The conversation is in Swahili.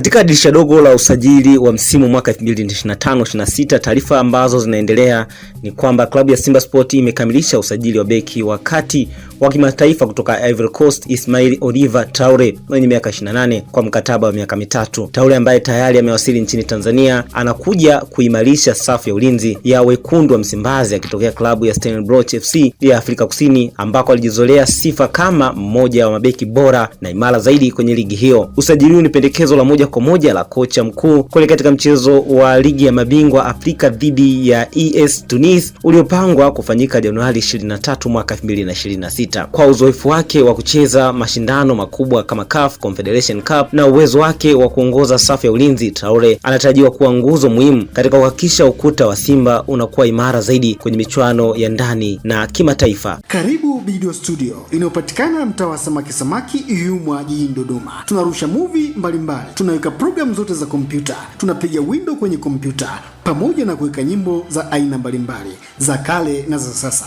Katika dirisha dogo la usajili wa msimu mwaka 2025/26 taarifa ambazo zinaendelea ni kwamba klabu ya Simba Sport imekamilisha usajili wa beki wa kati wa kimataifa kutoka Ivory Coast Ismail Oliver Traore mwenye miaka 28 kwa mkataba wa miaka mitatu. Traore ambaye tayari amewasili nchini Tanzania anakuja kuimarisha safu ya ulinzi ya wekundu wa Msimbazi akitokea klabu ya Stellenbosch FC ya Afrika Kusini ambako alijizolea sifa kama mmoja wa mabeki bora na imara zaidi kwenye ligi hiyo. Usajili huu ni pendekezo la moja kwa moja la kocha mkuu kule katika mchezo wa ligi ya mabingwa Afrika dhidi ya ES Tunis uliopangwa kufanyika Januari 23 mwaka 2026. Kwa uzoefu wake wa kucheza mashindano makubwa kama CAF Confederation Cup na uwezo wake wa kuongoza safu ya ulinzi, Traore anatarajiwa kuwa nguzo muhimu katika kuhakikisha ukuta wa Simba unakuwa imara zaidi kwenye michuano ya ndani na kimataifa. Karibu video studio inayopatikana mtaa wa samaki samaki, Yumwa jijini Dodoma. Tunarusha movie mbalimbali. Tuna katika programu zote za kompyuta. Tunapiga window kwenye kompyuta pamoja na kuweka nyimbo za aina mbalimbali za kale na za sasa.